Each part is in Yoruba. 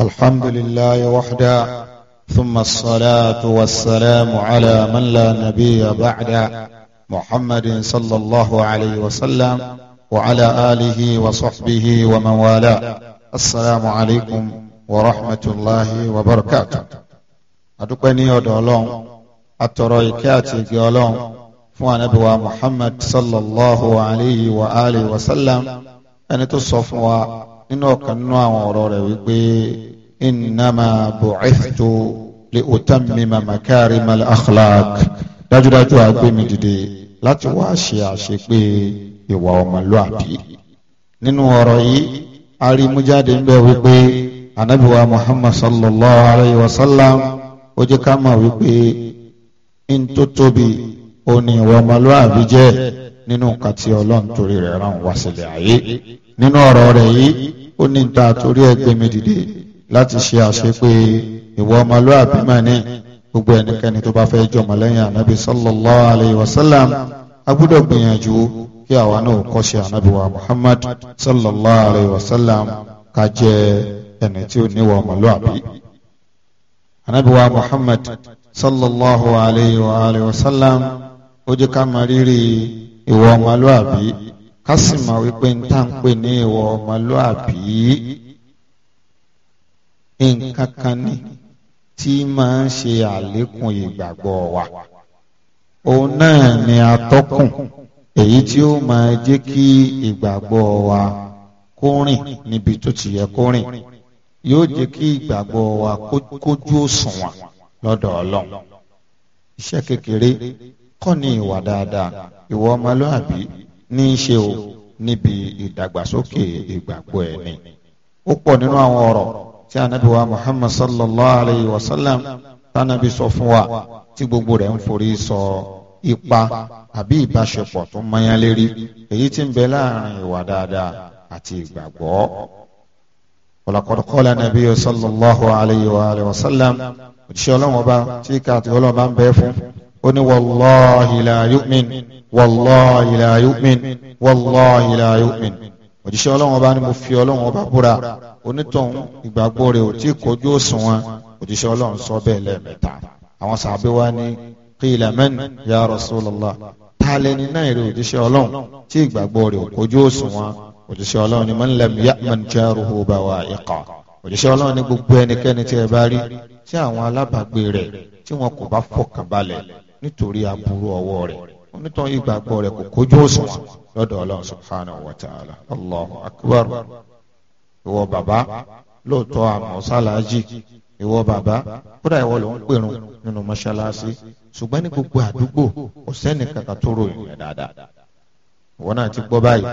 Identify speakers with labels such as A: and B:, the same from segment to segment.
A: الحمد لله وحده ثم الصلاة والسلام على من لا نبي بعد محمد صلى الله عليه وسلم وعلى آله وصحبه ومن والاه السلام عليكم ورحمة الله وبركاته أدقني ودولون أترويكاتي قولون فوانبوا محمد صلى الله عليه وآله وسلم أن تصفوا nínú ọ̀kan nínú àwọn ọ̀rọ̀ rẹ̀ wípé innama bu'ithtu li utammima makarimal akhlaq dájúdájú àgbémi dìde láti wá ṣe àṣepé ìwà ọmọlúàbí nínú ọ̀rọ̀ yìí arímújáde ń bẹ wípé anabiwa muhammad sallallahu alayhi wa sallam ó jẹ́ ká mọ̀ wípé ń tó tóbi ó ní ìwà ọmọlúàbí jẹ́ nínú nǹkan tí ọlọ́run torí rẹ̀ rán wá sílẹ̀ ayé nínú ọ̀rọ̀ rẹ̀ yìí ó ní ta torí ẹ̀ gbẹ̀mí dìde láti ṣe àṣepé ìwọ ọmọlúwàbí mà ní gbogbo ẹnikẹ́ni tó bá fẹ́ jọmọ lẹ́yìn ànábì sallallahu alayhi wa sallam a gbọ́dọ̀ gbìyànjú kí àwa náà kọ́ṣe ànábì wa muhammad sallallahu alayhi wa sallam ká jẹ́ ẹni tí ó níwọ̀ ọmọlúwàbí. ànábì wa muhammad sallallahu alayhi wa sallam ó jẹ́ ká mọ rírì ìwọ ọmọlúwàbí kásìmọ̀ wípé ń tà ń pè ní ìwọ ọmọlúàbí nǹkan kan ní tí máa ń ṣe àlékún ìgbàgbọ́ wa òun náà ni atọ́kùn èyí tí ó máa jẹ́ kí ìgbàgbọ́ wa kó rìn níbi tó ti yẹ kó rìn yóò jẹ́ kí ìgbàgbọ́ wa kójú òṣùwọ̀n lọ́dọ̀ ọlọ́run iṣẹ́ kékeré kọ́ ni ìwà dáadáa ìwọ ọmọlúàbí ní í ṣe o níbi ìdàgbàsókè ìgbàgbọ́ ẹni. ó pọ̀ nínú àwọn ọ̀rọ̀ tí anabi wa muhammad sallallahu alayhi wa sallam tánàbí sọ fún wa tí gbogbo rẹ̀ ń forí sọ ipa àbí ìbáṣepọ̀ tó mọ́yán èyí tí ń bẹ láàrin ìwà dáadáa àti ìgbàgbọ́. ولقد قال النبي صلى الله عليه وآله وسلم òjíṣẹ́ ọlọ́run ọba tí ká àti ọlọ́run bá ń bẹ fún ó ní wallahi la yu'min wallahi la yu'min wallahi la yu'min òjíṣẹ́ ọlọ́run ọba ni mo fi ọlọ́run ọba búra onítọ̀hún ìgbàgbọ́ rẹ̀ ò tí ì kọjú òṣùwọ̀n òjíṣẹ́ ọlọ́run sọ bẹ́ẹ̀ lẹ́ẹ̀mẹ́ta àwọn sàbẹ̀ wa ní qila man ya Rasulullah ta lẹni náà èrè òjíṣẹ́ ọlọ́run tí ìgbàgbọ́ rẹ̀ ò kọjú òṣùwọ̀n òjíṣẹ́ ọlọ́run ni man lam ya'man jaruhu bawa'iqa òjíṣẹ́ ọlọ́run ní gbogbo ẹnikẹ́ni tí ẹ bá rí tí àwọn alábàágbé rẹ̀ tí wọn kò bá fọkàn balẹ̀ nítorí aburú ọwọ́ rẹ̀ onítàn ìgbàgbọ́ rẹ̀ kò kójú òṣùwọ̀n lọ́dọ̀ ọlọ́run subhanahu wa ta'ala allahu akbar ìwọ bàbá lóòótọ́ àmọ́ sálàájì ìwọ bàbá kódà ìwọ ló ń pèrún nínú mọ́ṣáláṣí ṣùgbọ́n ní gbogbo àdúgbò kò sẹ́ni kankan tó ròyìn rẹ̀ dáadáa ìwọ náà ti gbọ́ báyìí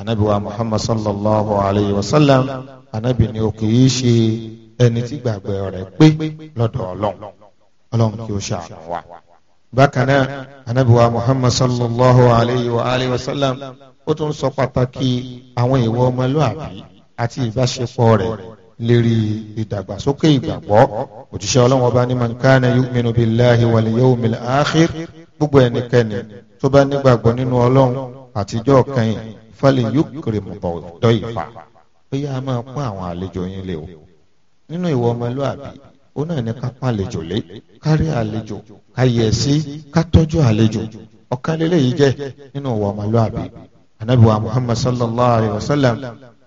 A: anabi wa muhammad sallallahu alayhi wa sallam anabi ni o kì í ṣe ẹni tí gbàgbọ́ rẹ̀ pé lọ́dọ̀ ọlọ́run ọlọ́run kì í ṣe àánú wa bákan náà anabiwa muhammad sallallahu alayhi wa alayhi wa sallam ó tún sọ pàtàkì àwọn ìwà ọmọlúwàbí àti ìbáṣepọ̀ rẹ̀ lérí ìdàgbàsókè ìgbàgbọ́ òjíṣẹ́ ọlọ́wọ́n bá ní man kana yu'minu billahi wal yawmil akhir gbogbo ẹnikẹ́ni tó bá nígbàgbọ́ nínú ọlọ́run àtijọ́ kẹyìn fẹ́lẹ̀ yóò kéré mọ̀bọ̀ dọ́ ìfà ó yá máa pọ́n àwọn àlejò yín lé o nínú ìwọ ọmọlúàbí ó náà ní ká pàlejò lé ka àlejò ká yẹ sí ká tọ́jú àlejò ọ̀kan lélẹ̀ yìí jẹ́ nínú ọ̀wọ́ ọmọlúàbí anabi wa muhammad sallallahu alayhi wa sallam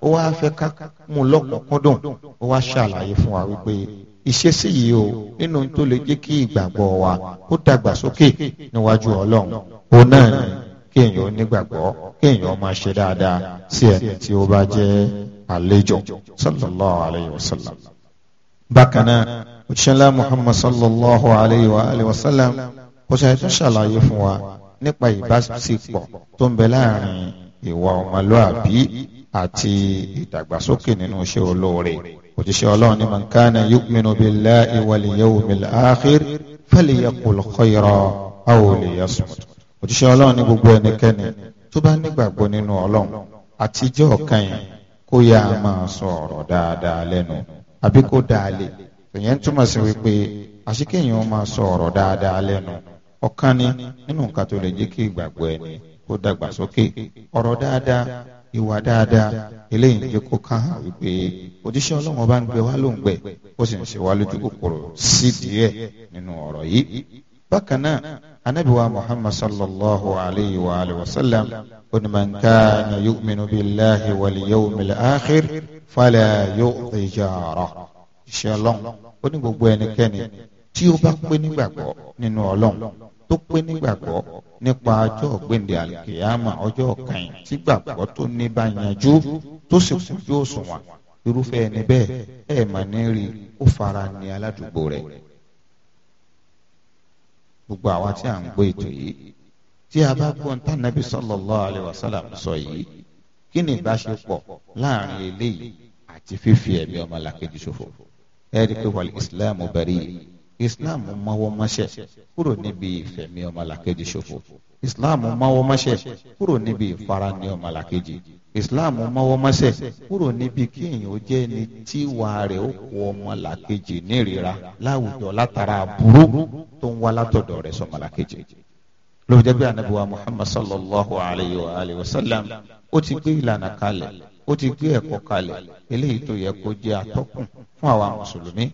A: ó wá fẹ́ ká mú lọ́kùnkúndùn ó wá ṣàlàyé fún wa wípé ìṣesí yìí o nínú tó lè jẹ́ kí ìgbàgbọ́ wa kó dàgbàsókè níwájú ọlọ́run náà nígbàgbọ́ máa ṣe dáadáa sí ẹni tí ó bá jẹ́ àlejò sallallahu alayhi wa sallam bákan náà. òṣìṣẹ́ ńlá Muhammad sallallahu alayhi wa alayhi wa sallam ó ṣe tún ṣàlàyé fún wa nípa ìbáṣepọ̀ tó ń bẹ láàrin ìwà ọmọlúàbí àti ìdàgbàsókè nínú iṣẹ́ olóore òṣìṣẹ́ ọlọ́run ní man kana yu'minu billahi wal akhir falyaqul khayra aw liyasmut òṣìṣẹ́ ọlọ́run ní gbogbo ẹnikẹ́ni tó bá nígbàgbọ́ nínú ọlọ́run àtijọ́ kan yẹn kó yá máa sọ ọ̀rọ̀ dáadáa lẹ́nu àbí kó dáa lè èyàn túmọ̀ sí wípé àṣìkéyàn máa sọ ọ̀rọ̀ dáadáa lẹ́nu ọ̀kan ni nínú nǹkan tó lè jẹ́ kí ìgbàgbọ́ ẹni kó dàgbà sókè ọ̀rọ̀ dáadáa ìwà dáadáa eléyìí jẹ́ kó kàn án wípé òjíṣẹ́ ọlọ́run ọba ń gbẹ wá ló ń gbẹ ó sì ń ṣe wá lójú kòkòrò sí díẹ̀ nínú ọ̀rọ̀ yìí. bákan náà anábìwá muhammad sallallahu alayhi wa alayhi wa sallam oní man kana yu'minu billahi wal yawmil akhir fala yu'ti jarahu iṣẹ́ ọlọ́run ó ní gbogbo ẹnikẹ́ni tí ó bá pé nígbàgbọ́ nínú ọlọ́run tó pé nígbàgbọ́ nípa ọjọ́ ògbéǹde àlùkìyàmà ọjọ́ ọ̀kàyìn tí gbàgbọ́ tó ní bá yanjú tó sì kújú òṣùwọ̀n irúfẹ́ ẹni bẹ́ẹ̀ ẹ̀ mà ní rí ó fara ní aládùúgbò rẹ̀ gbogbo àwa tí à ń gbọ́ ètò yìí tí a bá gbọ́ ní tànàbí sallallahu alaihi wasallam sọ yìí kí ni ìbáṣepọ̀ láàrin eléyìí àti fífi ẹ̀mí ọmọlàkejì ṣòfò ẹ̀rí pé wàlẹ̀ islam bẹ̀rẹ̀ yìí islam mọ́wọ́ mọ́ṣẹ́ kúrò níbi ìfẹ̀mí ọmọlàkejì ṣòfò islam mọ́wọ́ mọ́ṣẹ́ kúrò níbi ìfarani ọmọlàkejì islam mọ́wọ́ mọ́ṣẹ́ kúrò níbi kí èèyàn jẹ́ ni tíwa rẹ̀ ó kó ọmọlàkejì nírira láwùjọ látara burú tó ń wá látọ̀dọ̀ rẹ̀ sọmọlàkejì lóòjẹ́ bí anabiwa muhammad sallallahu alayhi wa sallam ó ti gbé ìlànà kalẹ̀ ó ti gbé ẹ̀kọ́ kalẹ̀ eléyìí tó yẹ kó jẹ́ atọ́kùn fún àwa mùsùlùmí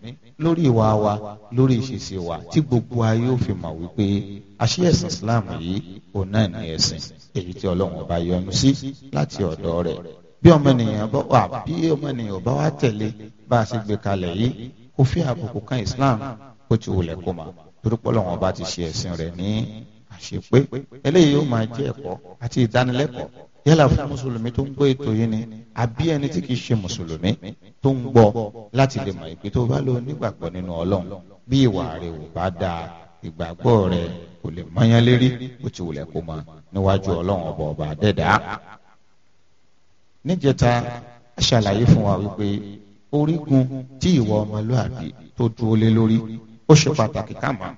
A: lórí ìwà wa lórí ìṣesí wa tí gbogbo ayé ó fi mọ̀ wípé àṣẹ ẹ̀sìn Islam yìí òun náà ní ẹ̀sìn èyí tí Ọlọ́run ọba yọ́nú sí láti ọ̀dọ̀ rẹ̀ bí ọmọnìyàn bá wà bí ọmọnìyàn bá wá tẹ̀lé bá a ṣe gbé kalẹ̀ yìí kò fi àbùkù kan Islam ó ti wulẹ̀ kó ma torí pé Ọlọ́run ọba ti ṣe ẹ̀sìn rẹ̀ ní àṣepé eléyìí yóò máa jẹ́ ẹ̀kọ́ àti ìdánilẹ́kọ̀ọ́ yálà fún mùsùlùmí tó ń gbọ́ ètò yìí ni àbí ẹni tí kìí ṣe mùsùlùmí tó ń gbọ́ láti lè mọ̀ ìpè tó bá lò nígbàgbọ́ nínú ọlọ́run bí ìwà rẹ̀ ò bá dáa ìgbàgbọ́ rẹ̀ kò lè mọ́yán lérí bó ti wùlẹ̀ kó mọ níwájú ọlọ́run ọba ọba àdẹ́dá. níjẹta ṣàlàyé fún wa wípé orígun tí ìwà ọmọlúàbí tó dúró lé lórí ó ṣe pàtàkì káàmọ́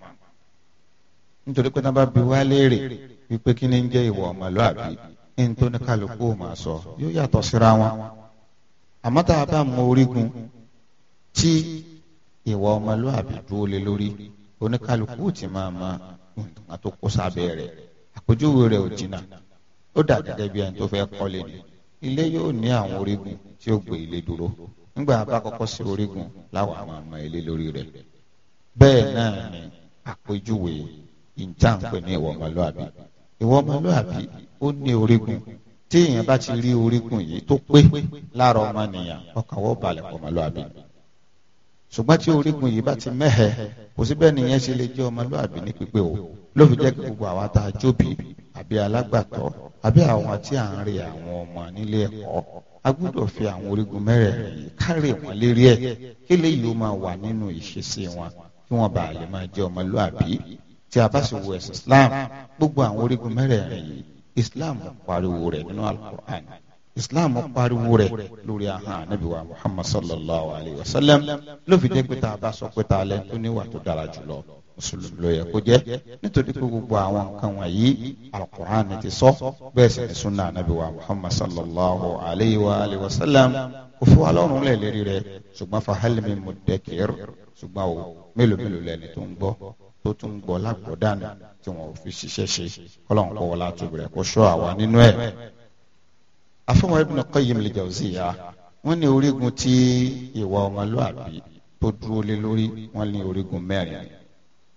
A: nítorí pé tá bá bi wá léèrè wípé kí ntoni kálukú ò máa sọ yóò yàtọ̀ síra wọn àmọ́ bá mọ orígun tí ìwà ọmọlúwàbí dúró lé lórí ti máa ma nǹkan tó kó sábẹ́ rẹ̀ àpèjúwe rẹ̀ ò jìnnà ó dà gẹ́gẹ́ bí ẹni tó fẹ́ kọ́lé ni ilé yóò ní àwọn orígun tí ó gbé ilé dúró nígbà bá kọ́kọ́ sí orígun láwọn àwọn ọmọ ilé lórí rẹ̀ bẹ́ẹ̀ náà ni àpèjúwe ìjà ń pè ní ìwọ ọmọlúwàbí ó ní orígun tí èèyàn bá ti rí orígun yìí tó pé lára ọmọnìyàn ọkàn wọ́n balẹ̀ pọ̀ ọmọlúwàbí ṣùgbọ́n tí orígun yìí bá ti mẹ́hẹ̀ kò sí bẹ́ẹ̀ nìyẹn ṣe lè jẹ́ ọmọlúwàbí ní pípé o ló fi jẹ́ gbogbo àwa tá a jóbi àbí alágbàtọ́ àbí àwọn tí à ń rí àwọn ọmọ nílé ẹ̀kọ́ a gbọ́dọ̀ fi àwọn orígun mẹ́rẹ̀ẹ̀rin yìí kárè wọn lérí ẹ̀ kí lè yìí ó máa wà nínú ìṣesí wọn kí wọ́n bàa lè máa jẹ́ ọmọlúwàbí tí a bá sì wo ẹ̀sìn islam gbogbo àwọn orígun mẹ́rẹ̀ẹ̀rin yìí islam pariwo rẹ̀ nínú alukur'an islam pariwo rẹ̀ lórí ahọ́n anabi muhammad sallallahu alayhi wa sallam ló fi jẹ́ pé tá a bá sọ pé tá a lẹ́nu tó níwà tó dára jùlọ mùsùlùmí ló yẹ kó jẹ́ nítorí pé gbogbo àwọn nǹkan wọ̀nyí alukur'an ti sọ bẹ́ẹ̀ sì sunna anabi muhammad sallallahu alayhi wa alayhi wa sallam kò fún wa lọ́rùn lẹ́ẹ̀lérí rẹ̀ fa hal min muddakir ṣùgbọ́n o mélòó mélòó lẹ́ni tó ń gbọ́ tó tún gbọ́ lágbọ́ dànù tí wọn ò fi ṣiṣẹ́ ṣe kọ́lọ́n kọ́ wọlé àtúbù rẹ̀ kó ṣọ́ àwa nínú ẹ̀. afọwọ́n Ibn Qayyim al-Jawziyya wọ́n ní orígun tí ìwà ọmọlúàbí tó dúró lé lórí wọ́n ní orígun mẹ́rin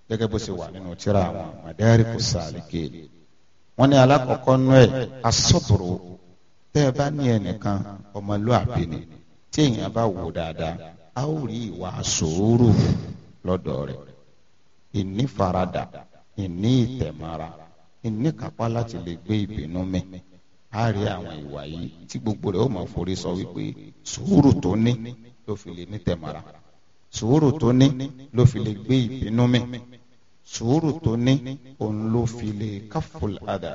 A: gẹ́gẹ́ bó ṣe wà nínú tírà àwọn Madariku Salikin
B: wọ́n ní alákọ̀ọ́kọ́ nú ẹ̀
A: asọ́bùrù tẹ́ ẹ bá ní ẹnìkan ọmọlúàbí ni tí èèyàn bá wò dáadáa a ó rí ìwà sòórù lọ́dọ̀ rẹ̀ ìní farada ìní ìtẹ̀mára ìní kápá láti lè gbé ìbínú mi á rí àwọn ìwà yìí tí gbogbo rẹ̀ ó máa forí sọ wípé sùúrù tó ní ló fi lè ní tẹ̀mára sùúrù tó ní ló fi lè gbé ìbínú mi sùúrù tó ní òun ló fi lè káfùl àdà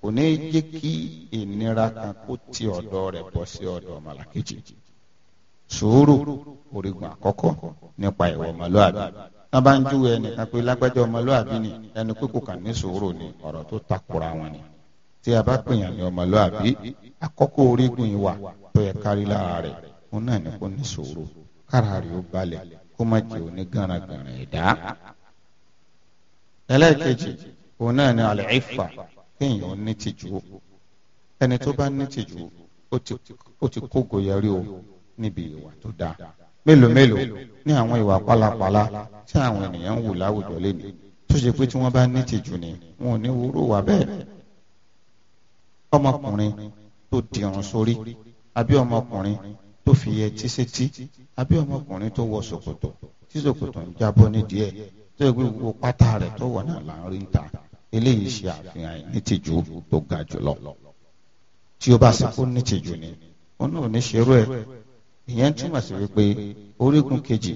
A: kò ní jẹ́ kí ìnira kan kó ti ọ̀dọ̀ rẹ̀ bọ́ sí ọ̀dọ̀ màlàkejì sùúrù òrìgùn àkọ́kọ́ nípa ìwà ọmọlúwàbí tán bá ń júwe ẹnìkan pé lágbájá ọmọlúàbí ni ẹni pé kò kàn sòwòrò ni ọ̀rọ̀ tó takora wọn ni tí a bá pèèyàn ní ọmọlúàbí àkọ́kọ́ orígun ìwà tó yẹ kárí lára rẹ̀ òun náà ni kò ní sòwòrò kára rẹ̀ ó balẹ̀ kó má jẹ́ òní gànàgànà ẹ̀dá. ẹlẹ́ẹ̀kejì òun náà ni àlẹ́ ìfà kéèyàn ní tìjú ẹni tó bá ní tìjú ó ti kó gòyẹrí o níbi ìwà tó dáa mélòó mélòó ní àwọn ìwà pálapàla tí àwọn ènìyàn ń wù láwùjọ lẹ́nu tó ṣe pé tí wọ́n bá ní tìjú ni wọn ò ní wúrò wà bẹ́ẹ̀ ọmọkùnrin tó dirun sórí àbí ọmọkùnrin tó fi ẹtí sétí àbí ọmọkùnrin tó wọ ṣòkòtò tí ṣòkòtò ń jábọ́ nídìí ẹ̀ tó yẹ pé gbogbo pátá rẹ̀ tó wọ̀ náà là ń rí ta eléyìí ṣe àfihàn nítìjú tó ga jùlọ tí ó bá sì kó nítìjú ni òun náà ò ní ṣerú ẹ̀ ìyẹn túmọ̀ sí wípé orígun kejì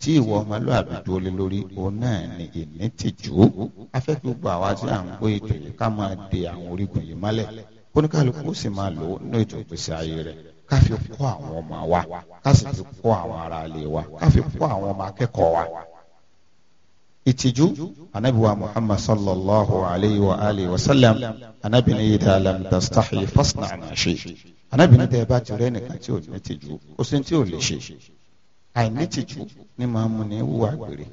A: tí ìwọ ọmọlúwàbí tó lé lórí òun náà ni ìní ti jù ú afẹ́ gbogbo àwa tí à ń gbé ètò yìí ká máa de àwọn orígun yìí mọ́lẹ̀ kóníkàlùkù ó sì máa lò ó nínú ètò ìgbésí ayé rẹ̀ ká fi kọ́ àwọn ọmọ wa ká sì fi kọ́ àwọn ará ilé wa ká fi kọ́ àwọn ọmọ akẹ́kọ̀ọ́ wa. ìtìjú anabiwa muhammad sallallahu alayhi wa alihi wa sallam anabini idha lam tastahi fasna ma shi anábìnrin tẹ ẹ bá ti rẹ nìkan tí ò ní tìjú ó sì ń tí ò lè ṣe àìní tìjú ni máa mú ní wúwo àgbèrè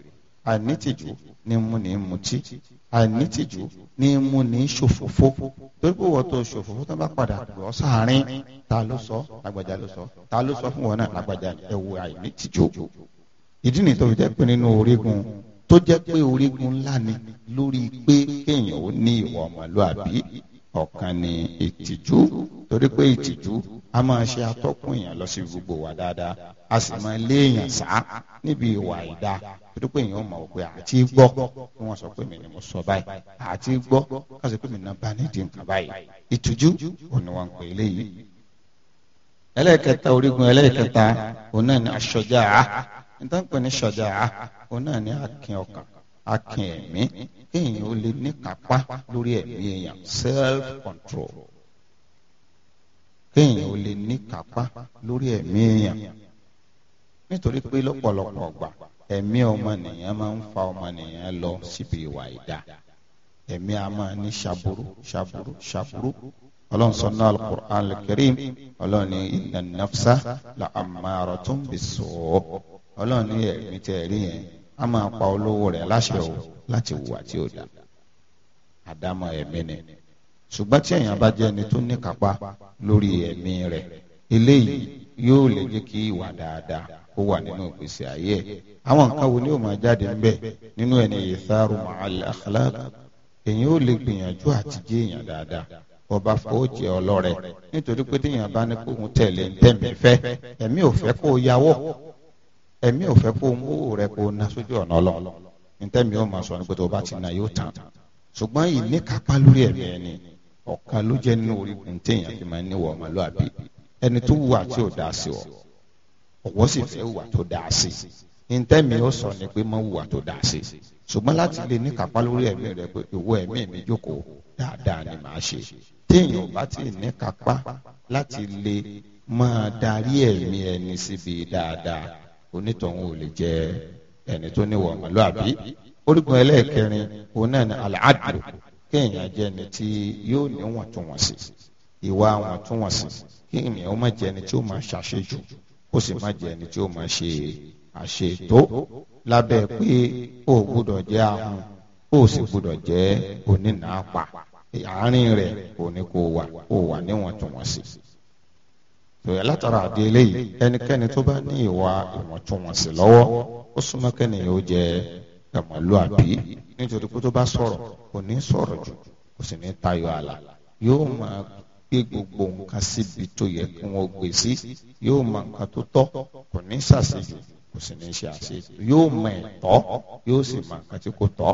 A: àìní tìjú ni mú ní mutí àìní tìjú ni mú ní ṣòfófó torí pé wọ́n tó ṣòfófó tó bá padà lọ sáàárín ta ló sọ lágbàjá ló sọ ta ló sọ fún wọn náà lágbàjá ẹ wo àìní tìjú ìdí nìyí tó fi jẹ́ pé nínú orígun tó jẹ́ pé orígun ńlá ni lórí pé kéèyàn ó ní ìwà ọmọlúàbí ọ̀kan ni ìtìjú torí pé ìtìjú a máa ṣe atọ́kùn èèyàn lọ sí gbogbo wa dáadáa a sì máa lé èèyàn sá níbi ìwà ìdá torí pé èèyàn mọ̀ pé àti gbọ́ kí wọ́n sọ pé mi ni mo sọ báyìí àti gbọ́ ká sọ pé mi náà bá nídìí nǹkan báyìí ìtìjú òun ni wọ́n ń pè é léyìí. ẹlẹ́ẹ̀kẹta orígun ẹlẹ́ẹ̀kẹta òun náà ni aṣọjáà nítorí pé ní ṣọjáà òun náà ni akin ọkàn akin ẹ̀mí kéèyàn ó lè níkápá lórí ẹ̀mí èèyàn self control kéèyàn ó lè níkápá lórí ẹ̀mí èèyàn nítorí pé lọ́pọ̀lọpọ̀ ọgbà ẹ̀mí ọmọnìyàn máa ń fa ọmọnìyàn lọ síbi ìwà ìdá ẹ̀mí a máa ní ṣàbúrú ṣàbúrú ṣàbúrú ọlọ́run sọ náà alukur'an al-karim ọlọ́run ní inna nafsa la ammaratun bis-suu ọlọ́run ní ẹ̀mí tẹ̀ yẹn a máa pa olówó rẹ̀ láṣẹ o láti wùwà tí ò dá àdámọ̀ ẹ̀mí ni ṣùgbọ́n tí èèyàn bá jẹ́ ẹni tó ní kápá lórí ẹ̀mí rẹ̀ eléyìí yóò lè jẹ́ kí ìwà dáadáa kó wà nínú ìgbésí ayé ẹ̀ àwọn nǹkan wo ni yóò máa jáde ńbẹ̀ nínú ẹni ìtharu ma'al akhlaq èèyàn ó lè gbìyànjú àti jẹ́ èèyàn dáadáa ọba fòójì ọlọ́rẹ̀ nítorí pé téèyàn bá ní kóhun tẹ̀lé ń tẹ̀mí fẹ́ ẹ̀mí ò fẹ́ kó yáwọ́ ẹ̀mí ò fẹ́ kó o mú owó rẹ kó o ná sójú ọ̀nà ọlọ́run nítẹ̀mí ó máa sọ ní pé tó o bá ti ná yóò tán ṣùgbọ́n yìí ní kápá lórí ẹ̀mí ẹni ọ̀kan ló jẹ́ nínú orígun téèyàn fi máa ń níwọ̀ ọmọlúwàbí ẹni tó wù àti ò dáa sí ọ ọ̀wọ́ sì fẹ́ wù àti ò dáa sí ntẹ́mi ó sọ ni pé mọ́ wùwà tó dáa sí ṣùgbọ́n láti lè ní kápá lórí ẹ̀mí rẹ pé ìwọ ẹ̀mí mi jókòó dáadáa ni màá ṣe téèyàn bá ti ní kápá láti lè máa darí ẹ̀mí ẹni síbi dáadáa onítọ̀hún ò lè jẹ ẹni tó níwọ̀ ọmọlúàbí orígun ẹlẹ́ẹ̀kẹrin òun náà ni al-adlu kéèyàn jẹ́ ẹni tí yóò níwọ̀ntúnwọ̀nsì ìwà wọ̀ntúnwọ̀nsì kéèyàn ó má jẹ ẹni tí ó máa ṣàṣejù ó sì má jẹ ẹni tí ó máa ṣe àṣetó lábẹ́ pé ó gbúdọ̀ jẹ́ ahun ó sì gbúdọ̀ jẹ́ onínàápa àárín rẹ̀ òní kò wà ó wà níwọ̀ntúnwọ̀nsì tòyà látara àdé eléyìí ẹnikẹ́ni tó bá ní ìwà ìwọ̀ntúnwọ̀nsì lọ́wọ́ ó súnmọ́ kẹ́nìyàn ó jẹ ọmọlúàbí nítorí pé tó bá sọ̀rọ̀ kò ní sọ̀rọ̀ jù kò sì ní tayọ ààlà yóò máa gbé gbogbo nǹkan síbi tó yẹ kí wọ́n gbé sí yóò máa nǹkan tó tọ́ kò ní ṣàṣejù kò sì ní ṣe àṣejù yóò mọ ẹ̀tọ́ yóò sì mọ nǹkan tí kò tọ́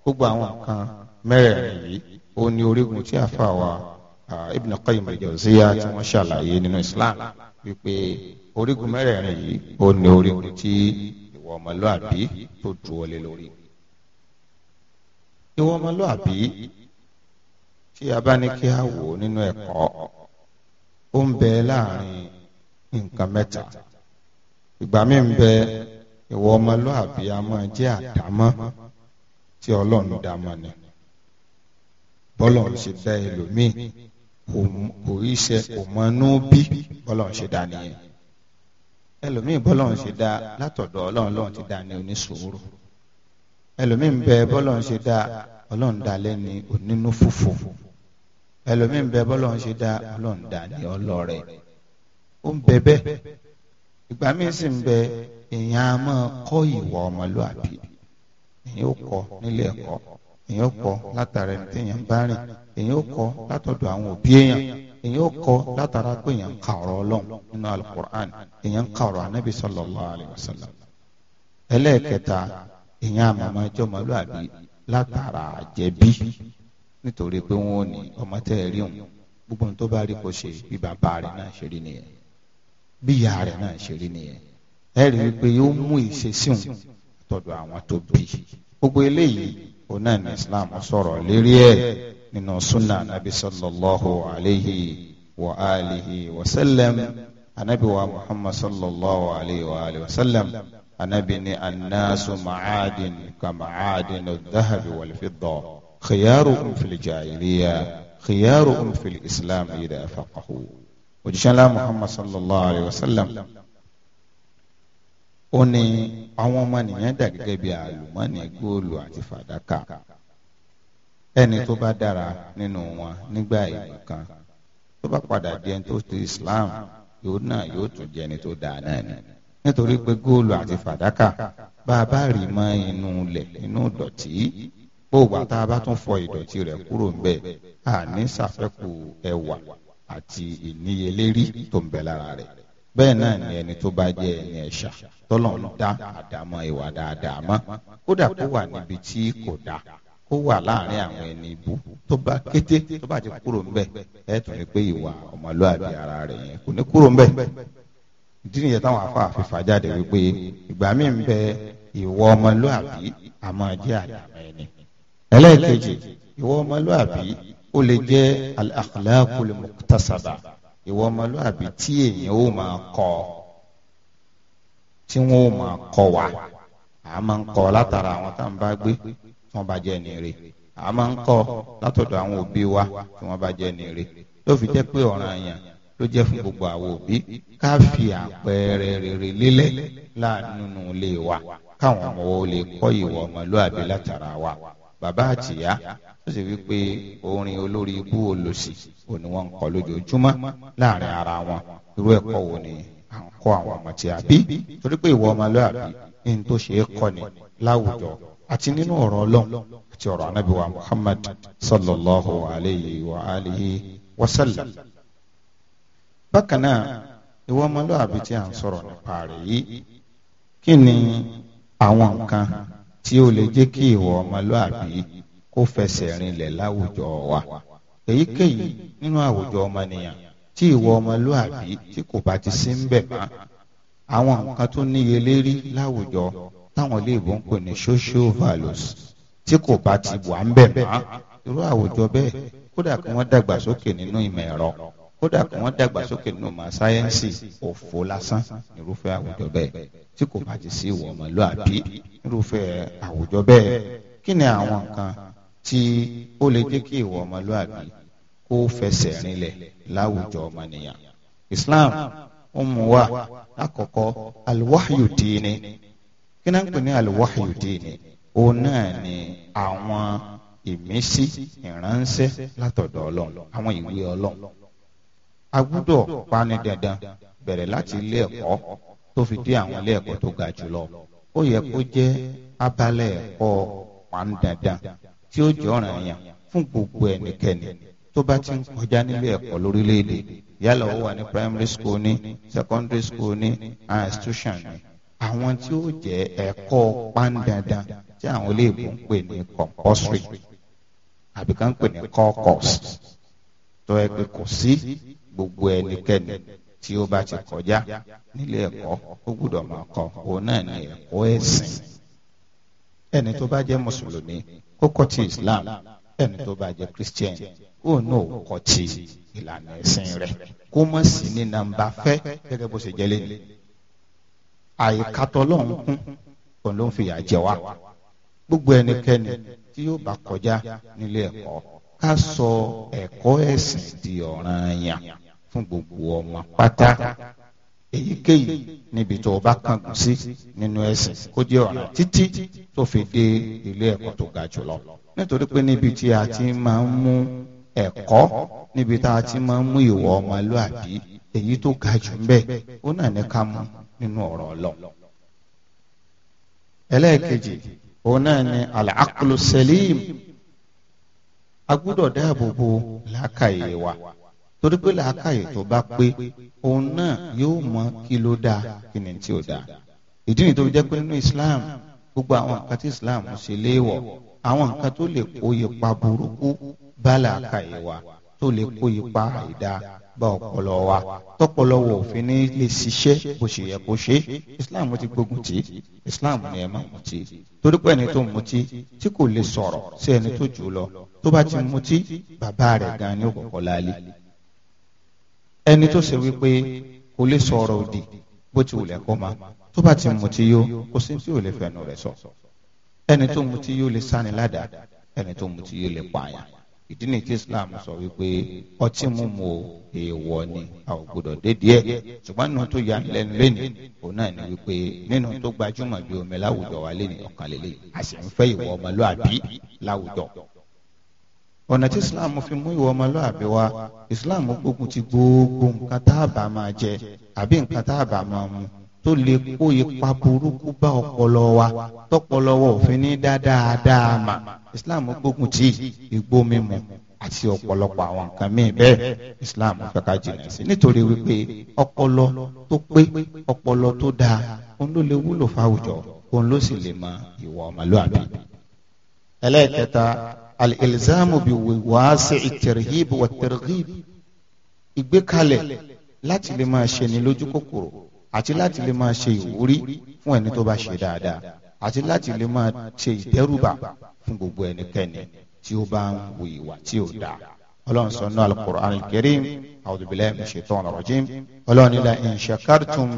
A: gbogbo àwọn nǹkan mẹ́rẹ̀ẹ̀rin yìí ó ní orígun tí àfa wa Ah, Ibn Qayyim al-Jawziyya tí wọ́n ṣàlàyé nínú Islam wípé orígun mẹ́rẹ̀ẹ̀rin yìí ó ní orígun tí ìwà ọmọlúàbí tó dúró lé lórí. ìwà ọmọlúàbí tí a bá ní kí a wò nínú ẹ̀kọ́ ó ń bẹ láàrin nǹkan mẹta ìgbà mi ń bẹ ìwà ọmọlúàbí a máa jẹ́ àdámọ́ tí Ọlọ́run dá ni bọ́lọ́run kò rí iṣẹ́ kò mọ inú bí bọ́lọ́run ṣe dá nìyẹn ẹlòmíì bọ́lọ́run ṣe dá látọ̀dọ̀ ọlọ́run lọ́run ti dá ní oníṣòwòrò ẹlòmíì ń bẹ bọ́lọ́run ṣe dá ọlọ́run dá lẹ́ni onínú fùfù ẹlòmíì ń bẹ bọ́lọ́run ṣe dá ọlọ́run dá ní ọlọ́rẹ̀ ó ń bẹ bẹ́ẹ̀ ìgbà míì sì ń bẹ èèyàn á máa kọ́ ìwà ọmọlúwàbí èèyàn ó kọ́ nílé ẹ̀kọ́ èyàn ó kọ́ látara ẹni tí èyàn bá rìn èyàn ó kọ́ látọ̀dọ̀ àwọn òbí èyàn èyàn ó kọ́ látara pé èyàn ń ka ọ̀rọ̀ Ọlọ́run nínú alukur'an èyàn ń ka ọ̀rọ̀ anabi sallallahu alayhi wa sallam ẹlẹ́ẹ̀kẹta èyàn àmàmà ẹjọ́ màlúàbí látara àjẹbí nítorí pé wọn ò ní ọmọ tẹ́ ẹ rí òun gbogbo ohun tó bá rí kó ṣe bí bàbá rẹ̀ náà ṣe rí nìyẹn bí ìyá rẹ̀ náà ṣe rí nìyẹn ẹ rí i pé yóò mú ìṣesí òun tọ̀dọ̀ àwọn tó bí gbogbo eléyìí onáà ní islam sọ̀rọ̀ lérí ẹ̀ nínú sunna nabi sallallahu alayhi wa alihi wa sallam anabi wa muhammad sallallahu alayhi wa alihi wa sallam anabi ni annaasu ma'adin ka ma'adin dahabi wal fidda khiyarukum fil jahiliya khiyarukum fil islam idha faqahu òjíṣẹ́ ńlá muhammad sallallahu alayhi wa sallam ó ní àwọn ọmọ nìyẹn dà gẹ́gẹ́ bí àlùmọ́nì góòlù àti fàdákà ẹni tó bá dára nínú wọn nígbà ìlú kan tó bá padà di ẹni tó ti Islam yóò náà yóò tún jẹ ẹni tó dáa náà ni nítorí pé góòlù àti fàdákà bá a bá rí mọ́ inú ilẹ̀ inú ìdọ̀tí gbogbo tá bá tún fọ ìdọ̀tí rẹ̀ kúrò ńbẹ̀ àní ṣàfẹ́kù ẹwà àti ìníyelérí tó ń bẹ lára rẹ̀ bẹ́ẹ̀ náà ni ẹni tó bá jẹ́ ẹni ẹ̀ṣà tọ́lọ̀ ń dá àdámọ́ ìwà dáadáa mọ́ kódà kó wà níbi tí kò dáa kó wà láàrin àwọn ẹni ibu tó bá kété tó bá ti kúrò ńbẹ ẹ tún ní pé ìwà ọmọlúwàbí ara rẹ̀ yẹn kò ní kúrò ńbẹ ìdí nìyẹn táwọn afáàfin fàjáde wípé ìgbà míì ń bẹ ìwọ ọmọlúwàbí àmọ́ jẹ́ àdàmọ́ ẹni ẹlẹ́ẹ̀kejì ìwọ ọmọlúwàbí ó lè jẹ́ al-akhlaqul ìwọ ọmọlúàbí tí èèyàn ó máa kọ́ tí wọn ó máa kọ́ wa à máa ń kọ́ látara àwọn tá à ń bá gbé tí wọn bá jẹ́ ní rè à máa ń kọ́ látọ̀dọ̀ àwọn òbí wa tí wọn bá jẹ́ ní ló fi jẹ́ pé ọ̀ràn àyàn ló jẹ́ fún gbogbo àwọn òbí ká fi àpẹẹrẹ rere lélẹ̀ láàánú ilé wa káwọn ọmọ wo lè kọ́ ìwọ ọmọlúàbí látara wa bàbá àtìyá ó sì wípé orin olórí ibú olòṣì òní wọn ń kọ lójoojúmọ́ láàrin ara wọn irú ẹ̀kọ́ wo ni à ń kọ́ àwọn ọmọ tí a bí torí pé ìwọ ọmọlúwàbí ní n tó ṣe é kọ́ ni láwùjọ àti nínú ọ̀rọ̀ Ọlọ́run àti ọ̀rọ̀ Ànábì Muhammad sallallahu alayhi wa alihi wa sallam. bákan náà ìwọ ọmọlúwàbí tí a ń sọ̀rọ̀ nípa rẹ̀ yìí kí ni àwọn nǹkan tí ó lè jẹ́ kí ìwà ọmọlúàbí kó fẹsẹ̀ rinlẹ̀ láwùjọ wa èyíkéyìí nínú àwùjọ ọmọnìyàn tí ìwà ọmọlúàbí tí kò bá ti sí ń bẹ̀ mọ́ àwọn nǹkan tó níye lérí láwùjọ táwọn iléèbó ń pè ní social values tí kò bá ti wà ń bẹ̀ mọ́ irú àwùjọ bẹ́ẹ̀ kódà kí wọ́n dàgbàsókè nínú ìmọ̀ ẹ̀rọ kódà kí wọ́n dàgbàsókè nínú ma sáyẹ́ǹsì òfò lásán irúfẹ́ àwùjọ bẹ́ẹ̀ tí kò bá ti sí ìwọ ọmọlúàbí irúfẹ́ àwùjọ bẹ́ẹ̀ kí ni àwọn nǹkan tí ó lè jẹ́ kí ìwọ ọmọlúàbí kó fẹsẹ̀ rinlẹ̀ láwùjọ ọmọnìyàn Islam ó mú wa lákọ̀ọ́kọ́ alwahyu dini kí náà ń pè ní alwahyu dini òun náà ni àwọn ìmísí ìránṣẹ́ látọ̀dọ̀ Ọlọ́run àwọn ìwé Ọlọ́run agbúdọ̀ pani dandan bẹ̀rẹ̀ láti ilé ẹ̀kọ́ tó fi dé àwọn ilé ẹ̀kọ́ tó ga jùlọ ó yẹ kó jẹ́ abala ẹ̀kọ́ pani dandan tí ó jọ̀ràn yàn fún gbogbo ẹnikẹ́ni tó bá ti ń kọjá nílé ẹ̀kọ́ lórílẹ̀‐èdè yálà ó wà ní primary school ní secondary school ní institution ní àwọn tí ó jẹ́ ẹ̀kọ́ pani dandan tí àwọn olóògbé ń pè ní compulsory àbí kan ń pè ní core course tó yẹ pé kò sí gbogbo ẹnikẹ́ni tí ó bá ti kọjá nílé ẹ̀kọ́ ó gbúdọ̀ máa kọ́ òun náà ní ẹ̀kọ́ ẹ̀sìn ẹni tó bá jẹ́ mùsùlùmí kó kọ́ ti islam ẹni tó bá jẹ́ christian ó náà kọ́ ti ìlànà ẹ̀sìn rẹ̀ kó mọ̀ sí ní nàmbà fẹ́ gẹ́gẹ́ bó ṣe jẹ́ lẹ́nu àìkatọ́ lọ́hùn kún òun ló ń fìyà jẹ wá gbogbo ẹnikẹ́ni tí yóò bá kọjá nílé ẹ̀kọ́ ká sọ ẹ̀kọ́ ẹ̀sìn di ọ̀ranyàn fún gbogbo ọmọ pátá èyíkéyìí níbi tó o bá sí nínú ẹsẹ̀ kó jẹ́ ọ̀nà títí tó fi dé ilé ẹ̀kọ́ tó ga jùlọ nítorí pé níbi tí a ti máa ń mú ẹ̀kọ́ níbi tá a ti máa ń mú ìwọ ọmọlúàbí èyí tó ga jù ń ó náà ní ká mú nínú ọ̀rọ̀ lọ. ẹlẹ́ẹ̀kejì òun náà ni wa. torí pé làákàyè tó bá pé òun náà yóò mọ kí ló dáa kí ni tí ò dáa ìdí nìyí tó fi jẹ́ pé nínú Islam gbogbo àwọn nǹkan tí Islam ṣe léèwọ̀ àwọn nǹkan tó lè kó ipa burúkú bá làákàyè wa tó lè kó ipa àìdá bá ọpọlọ wa tọpọlọ wa òfin ní lè ṣiṣẹ́ bó ṣe yẹ kó ṣe Islam ti gbógun tì Islam ni ẹ máa mutí torí pé ẹni tó mutí tí kò lè sọ̀rọ̀ sí ẹni tó jù lọ tó bá ti mutí bàbá rẹ̀ gan ni ó kọ́kọ́ láálí
B: ẹni tó ṣe wípé
A: kò lè sọ ọ̀rọ̀ òdì bó ti wùlẹ̀ kó ma tó bá ti mutí yó kò sí tí ò lè fẹnu rẹ̀ sọ ẹni tó mutí yó lè sáni ládàá ẹni tó mutí yó lè pààyàn ìdí ni tí Islam sọ wípé ọtí mímu o ni a ò dédìí ẹ̀ ṣùgbọ́n nínú tó ya lẹ́nu lẹ́nu òun náà ni wípé nínú tó gbajúmọ̀ bí omi láwùjọ wa lẹ́nu ọ̀kan lélẹ̀ a ń fẹ́ ìwọ ọmọlúàbí láwùjọ ọ̀nà tí islam fi mú ìwọ ọmọlúwàbí wa islam gbógun ti gbogbo nǹkan tá a bá máa jẹ àbí nǹkan tá a bá máa mu tó lè kó ipa burúkú bá ọpọlọ wa tọpọlọ wa òfin ní dáadáa mà islam gbógun ti igbó mímu àti ọ̀pọ̀lọpọ̀ àwọn nǹkan míì bẹ́ẹ̀ islam fẹ́ ká jìnnà sí nítorí wípé ọpọlọ tó pé ọpọlọ tó dáa òun ló lè wúlò fáwùjọ òun ló sì lè mọ ìwọ ọmọlúwàbí ẹlẹ́ẹ̀kẹta alìlzámù bí wàásì ìtẹ̀rẹ̀hìb wà tẹ̀rẹ̀hìb ìgbékalẹ̀ láti lè máa ṣe ní lójú kòkòrò àti láti lè máa ṣe ìwúrí fún ẹni tó bá ṣe dáadáa àti láti lè máa ṣe ìdẹ́rùbà fún gbogbo ẹnikẹ́ni tí ó bá ń wu ìwà tí ó dáa ọlọ́run sọ ní alukur'an alkarim a'udhu billahi minash shaitanir rajim ọlọ́run ní la in shakartum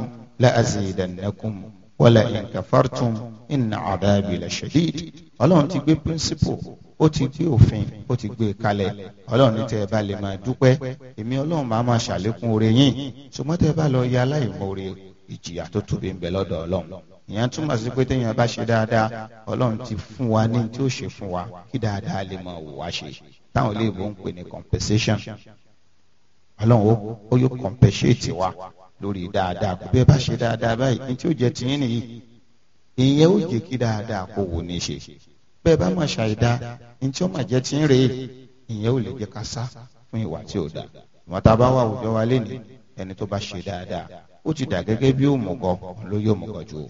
A: la azidannakum wala in kafartum inna adabi la shadid ọlọ́run ti gbé píríncípù ó ti gbé òfin ó ti gbé kalẹ̀ ọlọ́run ní tẹ́ ẹ bá lè máa dúpẹ́ èmi ọlọ́run máa máa ṣàlékún oore yín ṣùgbọ́n tẹ́ ẹ bá lọ ya aláìmoore ìjìyà tó tóbi ń bẹ lọ́dọ̀ ọlọ́run ìyẹn túmọ̀ sí pé téèyàn bá ṣe dáadáa ọlọ́run ti fún wa ní tí ó ṣe fún wa kí dáadáa lè máa wò wá ṣe táwọn olóògbé ń pè ní compensation ọlọ́run ó yóò compensate wa lórí dáadáa kò bẹ́ẹ̀ bá ṣe dáadáa báyìí ní tí ó jẹ tiyín nìyí ìyẹn ó jẹ kí dáadáa kó wò ní ṣe bẹ́ẹ̀ bá máa ṣàìdá ní tí ó máa jẹ tiyín rèé ìyẹn ò lè jẹ ká sá fún ìwà tí ò dáa ìwọ̀n tá a bá wà àwùjọ wa lénìí ẹni tó bá ṣe dáadáa ó ti dà gẹ́gẹ́ bí òmùgọ̀ ló yóò mùgọ̀ jù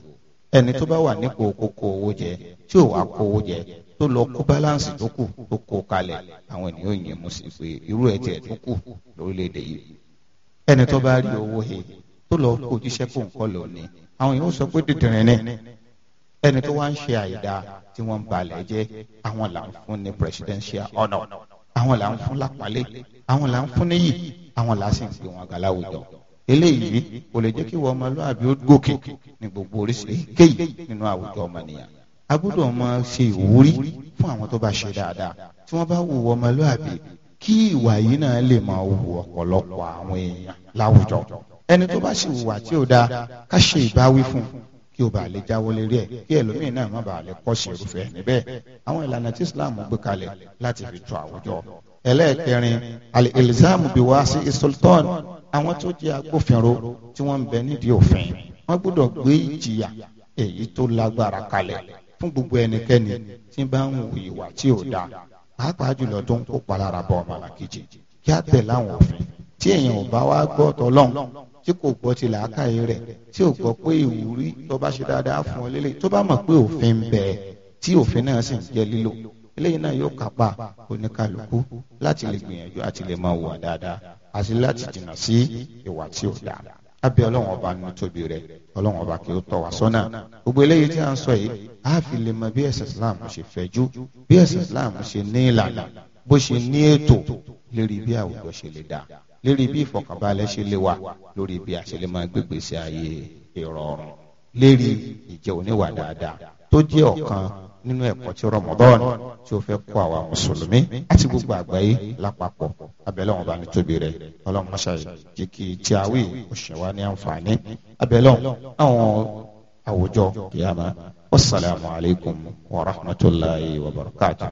A: ẹni tó bá wà nípò kókó owó jẹ tí ò wá kó owó jẹ tó lọ kó báláǹsì tó kù tó kó kalẹ̀ àwọn ènìyàn yẹn mú sí pé irú ẹ̀ tiẹ̀ tó kù lórílẹ̀ yìí
B: ẹni tó bá rí owó he
A: tó lọ kó jíṣẹ́ kó nǹkan lò ní àwọn yóò sọ pé dídìrín ní ẹni tó wá ń ṣe àìdá tí wọ́n ń balẹ̀ jẹ́ àwọn là ń fún ní presidential honour àwọn là ń fún lápálẹ̀ àwọn là ń fún níyì àwọn là sì ń pè wọn galáwùjọ eléyìí kò lè jẹ́ kí wọ́n ọmọlúwàbí ó gòkè ní gbogbo oríṣiríṣi kéyìí nínú àwùjọ ọmọnìyàn a gbọ́dọ̀ máa ṣe ìwúrí fún àwọn tó bá ṣe dáadáa tí wọ́n bá wù ọmọlúwàbí kí ìwà yìí náà lè máa wù ọ̀pọ̀lọpọ̀ àwọn èèyàn láwùjọ ẹni tó bá sì wùwà tí ò dáa ká ṣe ìbáwí fún un kí o bá lè jáwọ́ lérí ẹ̀ kí ẹlòmíín náà má bàa lè kọ́ sí irúfẹ́ níbẹ̀ àwọn ìlànà tí Islam gbé kalẹ̀ láti fi tu àwùjọ ẹlẹ́ẹ̀kẹrin al-ilzam biwasi isultan àwọn tó jẹ́ agbófinró tí wọ́n ń bẹ nídìí òfin wọ́n gbọ́dọ̀ gbé ìjìyà èyí tó lágbára kalẹ̀ fún gbogbo ẹnikẹ́ni tí bá ń hù ìwà tí ò dáa pàápàá jùlọ tó ń kó palára bọ ọmọ làkejì kí á tẹ̀ láwọn òfin tí èèyàn ò bá wá gbọ́ tọ́lọ́n tí kò gbọ́ ti làákàyè rẹ̀ tí ò gbọ́ pé ìwúrí tó bá ṣe dáadáa fún ọ lélẹ̀ tó bá mọ̀ pé òfin bẹ́ẹ̀ tí òfin náà sì ń jẹ́ lílò eléyìí náà yóò kápá oníkàlùkù láti lè gbìyànjú àti lè máa wà dáadáa àti láti jìnnà sí ìwà tí ò dáa abẹ́ ọlọ́run ọba nínú tóbi rẹ̀ ọlọ́run ọba kì í tọ́ wa sọ́nà gbogbo eléyìí tí a ń sọ yìí a fi lè mọ bí ẹ̀sìn Islam ṣe fẹ̀jú bí ẹ̀sìn Islam ṣe ní ìlànà bó ṣe ní ètò lérí bí àwùjọ ṣe lè dá lérí bí ìfọ̀kànbalẹ̀ ṣe lè wà lórí bí a ṣe lè máa gbégbé sí ayé ìrọ̀rùn lérí ìjẹ oníwà dáadáa tó jẹ́ ọ̀kan nínú ẹ̀kọ́ tí Ramadan tí ó fẹ́ kó àwa mùsùlùmí àti gbogbo àgbáyé lápapọ̀ abẹ́lẹ́ wọn bá ní tóbi rẹ̀ ọlọ́run mọ́ṣá jẹ́ kí tí a wí òṣè wa ní àǹfààní abẹ́lẹ́ àwọn àwùjọ kìyàmá wasalaamualeykum wa rahmatulahi wa barakatuh.